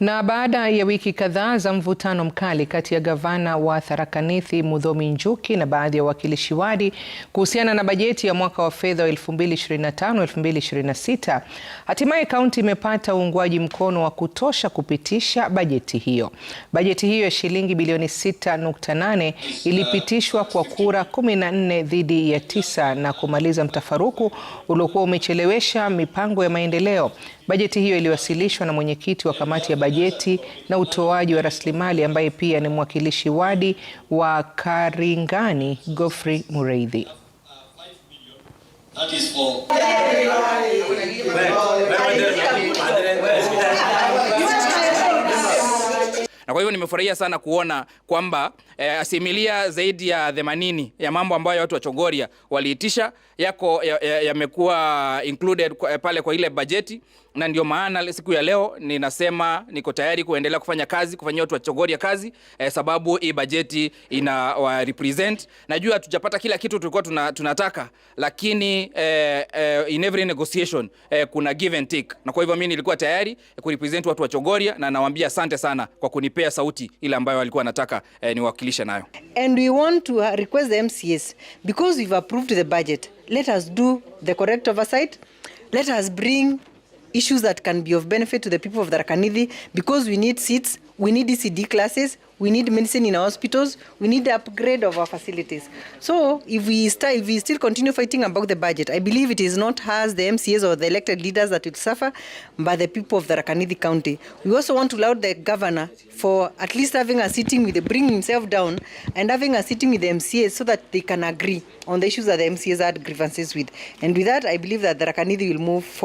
Na baada ya wiki kadhaa za mvutano mkali kati ya gavana wa Tharaka Nithi Muthomi Njuki na baadhi ya wawakilishi wadi kuhusiana na bajeti ya mwaka wa fedha wa 2025/2026, hatimaye kaunti imepata uungwaji mkono wa kutosha kupitisha bajeti hiyo. Bajeti hiyo ya shilingi bilioni 6.8 ilipitishwa kwa kura 14 dhidi ya tisa na kumaliza mtafaruku uliokuwa umechelewesha mipango ya maendeleo. Bajeti hiyo iliwasilishwa na mwenyekiti wa kamati ya bajeti na utoaji wa rasilimali ambaye pia ni mwakilishi wadi wa Karingani, Godfrey Mureithi. Kwa hivyo nimefurahia sana kuona kwamba e, asimilia zaidi ya themanini ya mambo ambayo watu wa Chogoria waliitisha yako yamekuwa ya, ya included kwa, eh, pale kwa ile bajeti, na ndio maana siku ya leo ninasema niko tayari kuendelea kufanya kazi, kufanyia watu wa Chogoria kazi eh, sababu hii bajeti ina wa represent. Najua tujapata kila kitu tulikuwa tuna, tunataka lakini eh, eh, in every negotiation eh, kuna give and take, na kwa hivyo mimi nilikuwa tayari kurepresent watu wa Chogoria na nawaambia asante sana kwa kunipea kuwapea sauti ile ambayo walikuwa wanataka eh, niwakilisha nayo. And we want to uh, request the MCAs because we've approved the budget. Let us do the correct oversight. Let us bring issues that can be of benefit to the people of Tharaka because we need seats, we need ECD classes, we need medicine in our hospitals, we need the upgrade of our facilities. So if we, start, if we still continue fighting about the budget, I believe it is not us, the MCAs or the elected leaders that will suffer, but the people of Tharaka County. We also want to laud the governor for at least having a sitting with, the, bringing himself down and having a sitting with the MCAs so that they can agree on the issues that the MCAs had grievances with. And with that, I believe that Tharaka will move forward.